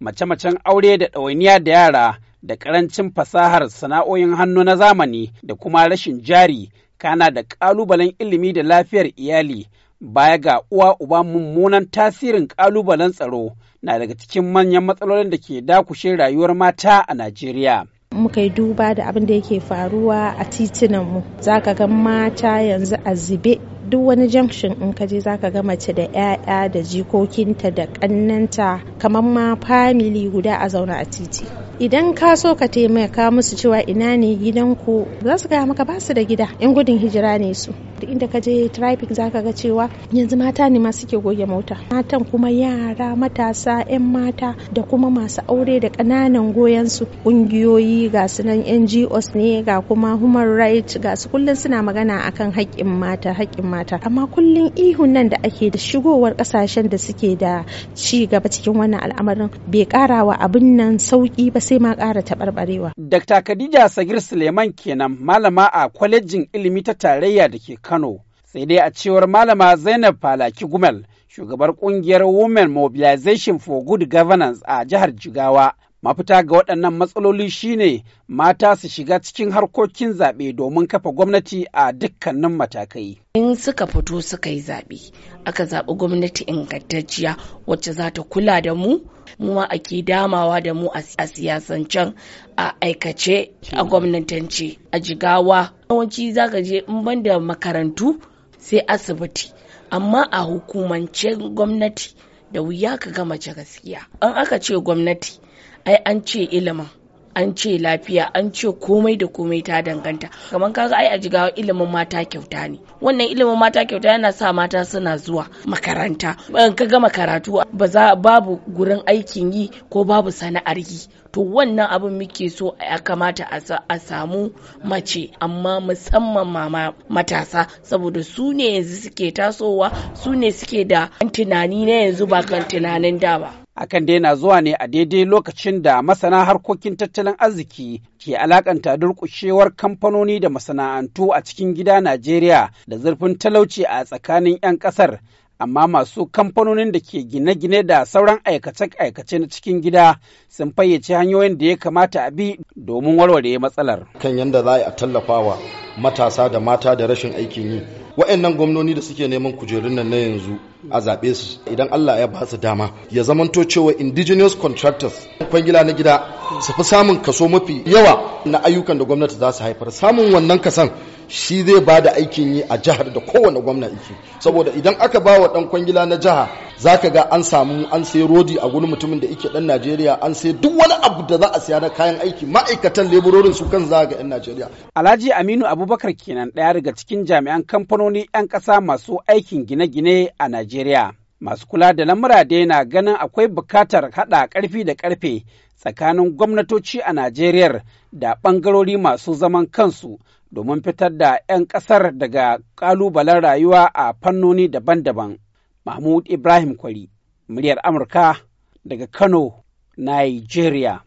mace-macen aure da ɗawainiya da yara da ƙarancin fasahar sana'o'in hannu na zamani da kuma rashin jari kana da ƙalubalen ilimi da lafiyar iyali baya ga uwa uba mummunan tasirin ƙalubalen tsaro na daga cikin manyan matsalolin da ke dakushe rayuwar mata a Najeriya. muka yi duba da abin da yake faruwa a titinanmu za ka ga mata yanzu a zube duk wani junction in ka je zaka ga mace da 'ya'ya da jikokinta da kannanta kamar ma family guda a zauna a titi idan ka so ka taimaka musu cewa ina ne gidanku za su gaya maka basu da gida yan gudun hijira ne su duk inda ka je traffic za ka ga cewa yanzu mata ne ma suke goge mota matan kuma yara matasa yan mata da kuma masu aure da ƙananan goyon su ƙungiyoyi ga su nan NGOs ne ga kuma human rights ga su kullum suna magana akan haƙƙin mata haƙƙin mata amma kullum ihun nan da ake da shigowar ƙasashen da suke da ci gaba cikin wannan al'amarin bai ƙarawa abin nan sauƙi ba sai ma ƙara taɓarɓarewa. Dr. Khadija Sagir Suleiman kenan malama a kwalejin ilimi ta tarayya da ke Kano. Sai dai a cewar malama Zainab Falaki Gumel, shugabar kungiyar Women Mobilization for Good Governance a jihar Jigawa. Mafita ga waɗannan matsaloli shine mata su shiga cikin harkokin zaɓe domin kafa gwamnati a dukkanin matakai. In suka fito suka yi zaɓe, aka zaɓi gwamnati ingantacciya wacce za ta kula da mu, mu ma ake damawa da mu a siyasancen a aikace a gwamnatance a jigawa. Yawanci za ka je in banda makarantu sai asibiti, amma a hukumance gwamnati da wuya ka gama mace gaskiya. An aka ce gwamnati ai an ce ilimin an ce lafiya an ce komai da komai ta danganta kamar kaga ai a jigawa ilimin mata kyauta ne wannan ilimin mata kyauta yana sa mata suna zuwa makaranta ban ka gama karatu ba za babu gurin aikin yi ko babu sana'ar yi to wannan abin muke so ya kamata a samu mace amma musamman mama matasa saboda su ne yanzu suke tasowa su ne suke da tunani na yanzu ba kan tunanin da ba akan na zuwa ne a daidai lokacin da masana harkokin tattalin arziki ke alakanta durƙushewar kamfanoni da masana'antu a cikin gida Najeriya da zurfin talauci a tsakanin 'yan ƙasar, amma masu kamfanonin da ke gine-gine da sauran aikace-aikace na cikin gida sun fayyace hanyoyin da ya kamata a bi domin warware matsalar. Kan yadda za a tallafawa matasa da mata da rashin aikin yi wa'annan gwamnoni da suke neman kujerun nan na yanzu a zaɓe su idan Allah ya ba su dama ya zamanto cewa indigenous contractors kwangila na gida su fi samun kaso mafi yawa na ayyukan da gwamnati za su haifar samun wannan kasan shi zai ba da aikin yi a jihar da kowane gwamna yake saboda idan aka ba wa dan kwangila na jiha zaka ga an samu an sai rodi a gurin mutumin da yake dan Najeriya an sai duk wani abu da za a siya na kayan aiki ma'aikatan leburorin su kan za ga yan Najeriya Alhaji Aminu Abubakar kenan daya daga cikin jami'an kamfanoni yan ƙasa masu aikin gine-gine a Najeriya Masu kula da lamura dai na ganin akwai bukatar haɗa ƙarfi da ƙarfe tsakanin gwamnatoci a Najeriya da ɓangarori masu zaman kansu domin fitar da 'yan ƙasar daga ƙalubalen rayuwa a fannoni daban-daban. Mahmud Ibrahim Kwari, muryar Amurka daga Kano, Nigeria.